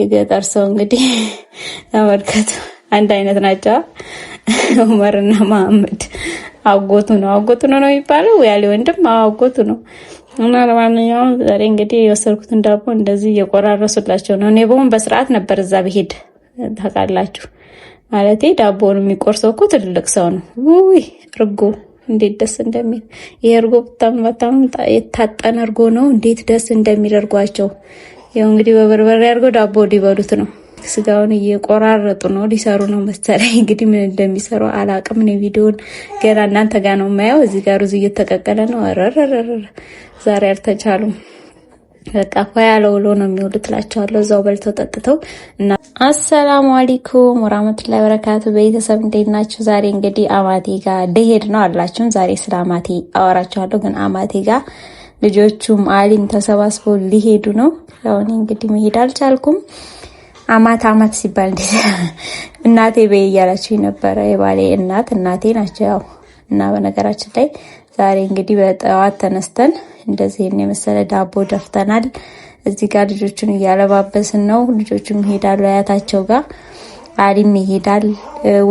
የገጠር ሰው እንግዲህ ተመልከቱ፣ አንድ አይነት ናቸው። ኡመርና መሐመድ አጎቱ ነው አጎቱ ነው ነው የሚባለው ያሌ ወንድም አጎቱ ነው። እና ለማንኛውም ዛሬ እንግዲህ የወሰድኩትን ዳቦ እንደዚህ እየቆራረሱላቸው ነው። እኔ በሆን በስርዓት ነበር እዛ ብሄድ ታውቃላችሁ። ማለት ዳቦውን የሚቆርሰው እኮ ትልልቅ ሰው ነው። ውይ እርጎ እንዴት ደስ እንደሚል ይሄ እርጎ በጣም በጣም የታጠነ እርጎ ነው። እንዴት ደስ እንደሚል እርጓቸው ያው እንግዲህ በበርበሬ አድርገው ዳቦ ሊበሉት ነው። ስጋውን እየቆራረጡ ነው ሊሰሩ ነው መሰለኝ። እንግዲህ ምን እንደሚሰሩ አላቅም። እኔ ቪዲዮውን ገና እናንተ ጋር ነው የማየው። እዚህ ጋር ሩዝ እየተቀቀለ ነው። ረረረረ ዛሬ አልተቻሉም። በቃ ኳ ያለ ውሎ ነው የሚውሉት እላቸዋለሁ። እዛው በልተው ጠጥተው እና አሰላሙ አለይኩም ወራህመቱላሂ ወበረካቱ። ቤተሰብ እንዴት ናችሁ? ዛሬ እንግዲህ አማቴ ጋር ልሄድ ነው አላችሁም። ዛሬ ስለ አማቴ አወራችኋለሁ፣ ግን አማቴ ጋር ልጆቹም አሊም ተሰባስበው ሊሄዱ ነው። ያው እኔ እንግዲህ መሄድ አልቻልኩም። አማት አማት ሲባል እንዴ እናቴ በይ እያላችሁ ነበረ። የባሌ እናት እናቴ ናቸው። ያው እና በነገራችን ላይ ዛሬ እንግዲህ በጠዋት ተነስተን እንደዚህ የመሰለ ዳቦ ደፍተናል። እዚህ ጋር ልጆቹን እያለባበስን ነው። ልጆቹም ይሄዳሉ አያታቸው ጋር፣ አሊም ይሄዳል፣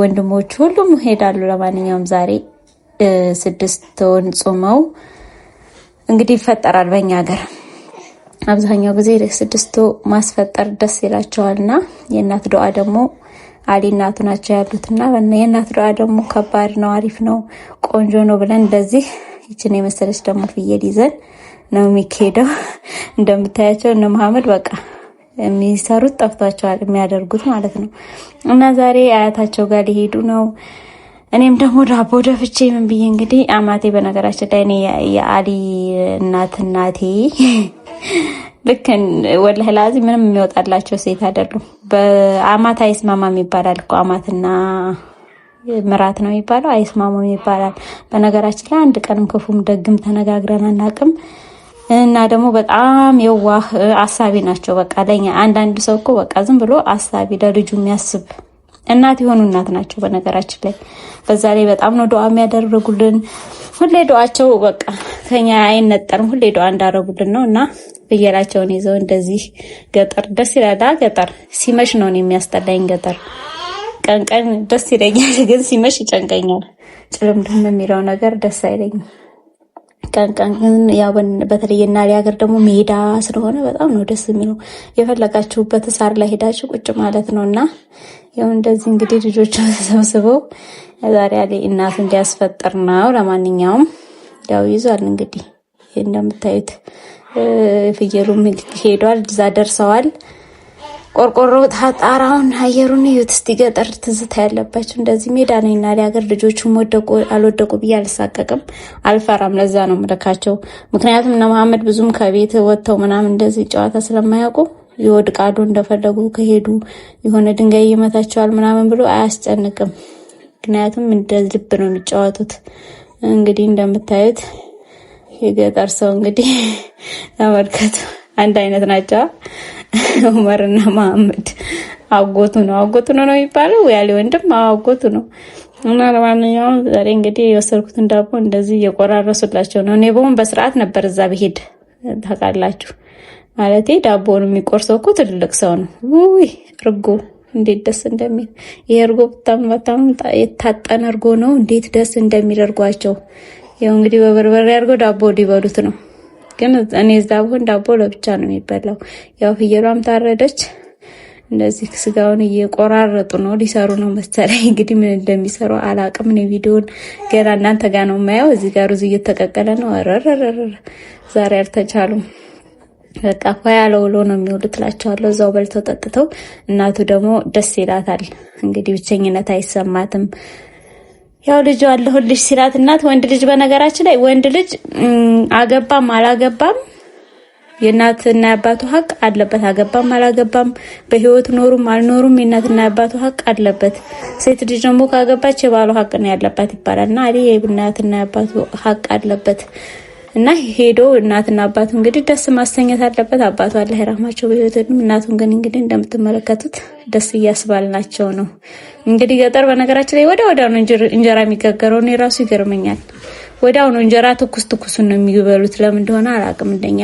ወንድሞቹ ሁሉም ይሄዳሉ። ለማንኛውም ዛሬ ስድስት ወን ጾመው እንግዲህ ይፈጠራል። በእኛ ሀገር አብዛኛው ጊዜ ስድስቱ ማስፈጠር ደስ ይላቸዋልና የእናት ዶዓ ደግሞ አሊ እናቱ ናቸው ያሉትና የእናት ዱዓ ደግሞ ከባድ ነው፣ አሪፍ ነው፣ ቆንጆ ነው ብለን እንደዚህ ይችን የመሰለች ደግሞ ፍየል ይዘን ነው የሚካሄደው። እንደምታያቸው እነ መሐመድ በቃ የሚሰሩት ጠፍቷቸዋል፣ የሚያደርጉት ማለት ነው። እና ዛሬ አያታቸው ጋር ሊሄዱ ነው። እኔም ደግሞ ዳቦ ደፍቼ ምን ብዬ እንግዲህ አማቴ በነገራችን ላይ እኔ የአሊ እናት እናቴ ልክ ወላሂ ላዚ ምንም የሚወጣላቸው ሴት አይደሉም። በአማት አይስማማም ይባላል እኮ አማትና ምራት ነው የሚባለው፣ አይስማሙም ይባላል። በነገራችን ላይ አንድ ቀንም ክፉም ደግም ተነጋግረን አናውቅም። እና ደግሞ በጣም የዋህ አሳቢ ናቸው። በቃ ለኛ አንዳንድ ሰው እኮ በቃ ዝም ብሎ አሳቢ ለልጁ የሚያስብ እናት የሆኑ እናት ናቸው። በነገራችን ላይ በዛ ላይ በጣም ነው ዱዓ የሚያደርጉልን። ሁሌ ዱዓቸው በቃ ከኛ አይነጠርም። ሁሌ ዱዓ እንዳደረጉልን ነው እና ፍየላቸውን ይዘው እንደዚህ ገጠር ደስ ይላል። ገጠር ሲመሽ ነው የሚያስጠላኝ። ገጠር ቀን ቀን ደስ ይለኛል፣ ግን ሲመሽ ይጨንቀኛል። ጭልምድም የሚለው ነገር ደስ አይለኝም። ቀን ቀን ግን ያው በተለይ የናሪ ሀገር ደግሞ ሜዳ ስለሆነ በጣም ነው ደስ የሚለው። የፈለጋችሁበት ሳር ላይ ሄዳችሁ ቁጭ ማለት ነው እና ያው እንደዚህ እንግዲህ ልጆቹ ተሰብስበው ዛሬ አለ እናት እንዲያስፈጥር ነው። ለማንኛውም ያው ይዟል እንግዲህ እንደምታዩት ፍየሉም ሄዷል፣ እዛ ደርሰዋል። ቆርቆሮ ጣራውን አየሩን እዩት እስቲ። ገጠር ትዝታ ያለባቸው እንደዚህ ሜዳ ነው እና ሀገር ልጆቹም ወደቁ አልወደቁ ብዬ አልሳቀቅም፣ አልፈራም። ለዛ ነው ምልካቸው። ምክንያቱም እነ መሀመድ ብዙም ከቤት ወጥተው ምናምን እንደዚህ ጨዋታ ስለማያውቁ ይወድቃሉ፣ እንደፈለጉ ከሄዱ የሆነ ድንጋይ ይመታቸዋል ምናምን ብሎ አያስጨንቅም። ምክንያቱም እንደ ልብ ነው የሚጫወቱት። እንግዲህ እንደምታዩት የገጠር ሰው እንግዲህ ተመልከቱ፣ አንድ አይነት ናቸው። ዑመርና መሐመድ አጎቱ ነው አጎቱ ነው ነው የሚባለው ያሌ ወንድም አጎቱ ነው። እና ለማንኛውም ዛሬ እንግዲህ የወሰድኩትን ዳቦ እንደዚህ እየቆራረሱላቸው ነው። እኔ በሆን በስርዓት ነበር እዛ ብሄድ ታውቃላችሁ። ማለቴ ዳቦን የሚቆርሰው እኮ ትልቅ ሰው ነው። ውይ እርጎ እንዴት ደስ እንደሚል ይሄ እርጎ በጣም በጣም የታጠነ እርጎ ነው። እንዴት ደስ እንደሚል እርጓቸው። ያው እንግዲህ በበርበሬ አድርገው ዳቦ ሊበሉት ነው። ግን እኔ እዛ ብሆን ዳቦ ለብቻ ነው የሚበላው። ያው ፍየሏም ታረደች። እንደዚህ ስጋውን እየቆራረጡ ነው ሊሰሩ ነው መሰለኝ። እንግዲህ ምን እንደሚሰሩ አላቅም። እኔ ቪዲዮን ገና እናንተ ጋር ነው የማየው። እዚህ ጋር ሩዝ እየተቀቀለ ነው። ረረረረ ዛሬ አልተቻሉም። በቃ ኳ ውሎ ነው የሚውሉት እላቸዋለሁ። እዛው በልተው ጠጥተው፣ እናቱ ደግሞ ደስ ይላታል። እንግዲህ ብቸኝነት አይሰማትም። ያው ልጅ አለሁልሽ ሲላት እናት ወንድ ልጅ በነገራችን ላይ ወንድ ልጅ አገባም አላገባም የእናትና የአባቱ ሀቅ አለበት። አገባም አላገባም በህይወት ኖሩም አልኖሩም የእናትና የአባቱ ሀቅ አለበት። ሴት ልጅ ደግሞ ካገባች የባሉ ሀቅ ነው ያለባት ይባላል እና እናትና የአባቱ ሀቅ አለበት እና ሄዶ እናትና አባቱ እንግዲህ ደስ ማሰኘት አለበት። አባቱ አለ ራማቸው በህይወትም እናቱን ግን እንግዲህ እንደምትመለከቱት ደስ እያስባልናቸው ነው። እንግዲህ ገጠር በነገራችን ላይ ወደ ወዲያው ነው እንጀራ የሚጋገረው። እኔ ራሱ ይገርመኛል። ወዲያው ነው እንጀራ ትኩስ ትኩሱን ነው የሚበሉት። ለምን እንደሆነ አላውቅም። እንደኛ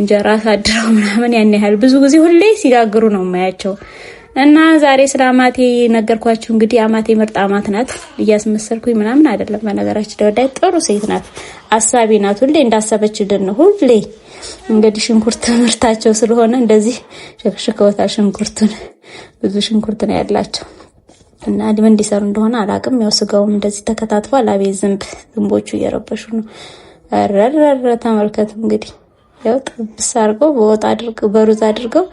እንጀራ ሳድረው ምናምን ያን ያህል ብዙ ጊዜ ሁሌ ሲጋግሩ ነው የማያቸው። እና ዛሬ ስለ አማቴ ነገርኳችሁ። እንግዲህ አማቴ ምርጥ አማት ናት። እያስመሰልኩኝ ምናምን አይደለም። በነገራችን ለወዳጅ ጥሩ ሴት ናት፣ አሳቢ ናት። ሁሌ እንዳሰበችልን ነው። ሁሌ እንግዲህ ሽንኩርት ምርታቸው ስለሆነ እንደዚህ ሸክሽከውታል። ሽንኩርቱን ብዙ ሽንኩርት ነው ያላቸው እና ምን እንዲሰሩ እንደሆነ አላቅም። ያው ስጋውም እንደዚህ ተከታትፏል። አቤ ዝንብ ዝንቦቹ እየረበሹ ነው። ረረረ ተመልከቱ እንግዲህ ያው ጥብስ አድርገው በወጥ አድርገው በሩዝ አድርገው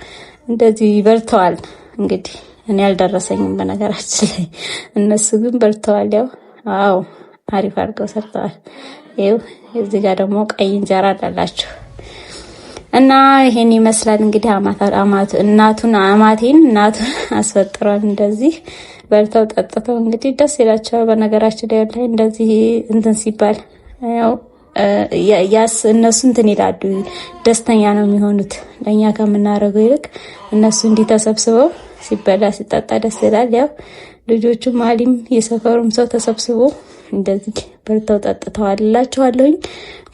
እንደዚህ በልተዋል። እንግዲህ እኔ አልደረሰኝም በነገራችን ላይ እነሱ ግን በልተዋል። ያው አዎ አሪፍ አድርገው ሰርተዋል። ይው እዚህ ጋር ደግሞ ቀይ እንጀራ አላላችሁ እና ይሄን ይመስላል እንግዲህ አማቱ እናቱን አማቴን እናቱን አስፈጥሯል። እንደዚህ በልተው ጠጥተው እንግዲህ ደስ ይላቸዋል። በነገራችን ላይ እንደዚህ እንትን ሲባል ያው ያስ እነሱ እንትን ይላሉ፣ ደስተኛ ነው የሚሆኑት ለእኛ ከምናደርገው ይልቅ እነሱ እንዲህ ተሰብስበው ሲበላ ሲጠጣ ደስ ይላል። ያው ልጆቹም አሊም የሰፈሩም ሰው ተሰብስቦ እንደዚህ በርተው ጠጥተዋል እላችኋለሁኝ።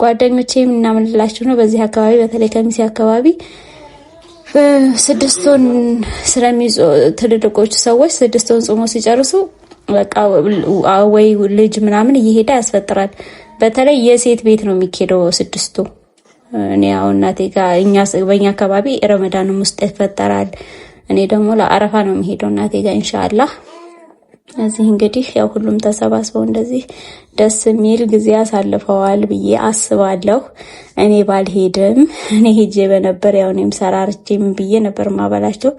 ጓደኞቼ የምናምንላችሁ ነው። በዚህ አካባቢ በተለይ ከሚሴ አካባቢ ስድስቱን ስለሚጾ ትልልቆቹ ሰዎች ስድስቱን ጾሞ ሲጨርሱ በቃ ወይ ልጅ ምናምን እየሄደ ያስፈጥራል። በተለይ የሴት ቤት ነው የሚኬደው ስድስቱ። እኔ እናቴ ጋር አካባቢ ረመዳንም ውስጥ ይፈጠራል። እኔ ደግሞ ለአረፋ ነው የሚሄደው እናቴ ጋ ኢንሻአላህ ስለዚህ እንግዲህ ያው ሁሉም ተሰባስበው እንደዚህ ደስ የሚል ጊዜ አሳልፈዋል ብዬ አስባለሁ። እኔ ባልሄድም እኔ ሄጄ በነበር ያው እኔም ሰራርቼም ብዬ ነበር ማበላቸው።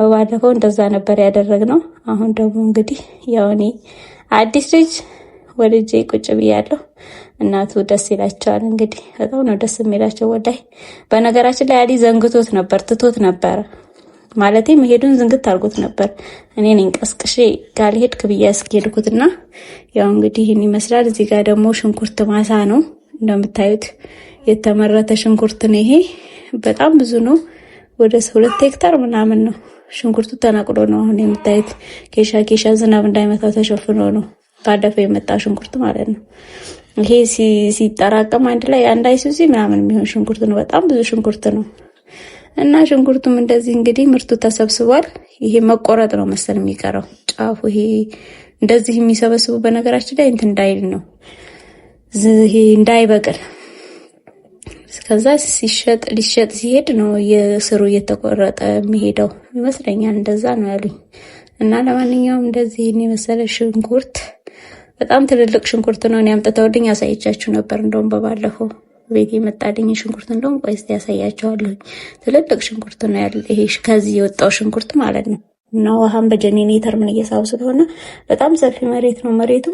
በባለፈው እንደዛ ነበር ያደረግነው። አሁን ደግሞ እንግዲህ ያው እኔ አዲስ ልጅ ወልጄ ቁጭ ብያለሁ። እናቱ ደስ ይላቸዋል። እንግዲህ በጣም ነው ደስ የሚላቸው ወላሂ። በነገራችን ላይ አሊ ዘንግቶት ነበር ትቶት ነበር ማለቴ መሄዱን ዝንግት አድርጎት ነበር። እኔ ነኝ ቀስቅሼ ጋር ሄድክ ብዬ ያው እንግዲህ ይህን ይመስላል። እዚህ ጋር ደግሞ ሽንኩርት ማሳ ነው እንደምታዩት የተመረተ ሽንኩርት ነው። ይሄ በጣም ብዙ ነው። ወደ ሁለት ሄክታር ምናምን ነው። ሽንኩርቱ ተነቅሎ ነው አሁን የምታዩት። ኬሻ ኬሻ ዝናብ እንዳይመታው ተሸፍኖ ነው ባለፈው የመጣ ሽንኩርት ማለት ነው። ይሄ ሲጠራቀም አንድ ላይ አንድ አይሱዚ ምናምን የሚሆን ሽንኩርት ነው። በጣም ብዙ ሽንኩርት ነው። እና ሽንኩርቱም እንደዚህ እንግዲህ ምርቱ ተሰብስቧል። ይሄ መቆረጥ ነው መሰል የሚቀረው ጫፉ። ይሄ እንደዚህ የሚሰበስቡ በነገራችን ላይ እንትን እንዳይል ነው ይሄ እንዳይበቅል። እስከዛ ሲሸጥ ሊሸጥ ሲሄድ ነው የስሩ እየተቆረጠ የሚሄደው ይመስለኛል። እንደዛ ነው ያሉኝ። እና ለማንኛውም እንደዚህ ይህን የመሰለ ሽንኩርት በጣም ትልልቅ ሽንኩርት ነው። እኔ አምጥተውልኝ አሳይቻችሁ ነበር እንደውም በባለፈው ቤት የመጣልኝ ሽንኩርት እንደውም ቆይ እስኪ ያሳያቸዋለሁ። ትልልቅ ሽንኩርት ነው ያለ ይሄ ከዚህ የወጣው ሽንኩርት ማለት ነው። እና ውሃም በጀኔሬተር ምን እየሳቡ ስለሆነ በጣም ሰፊ መሬት ነው መሬቱ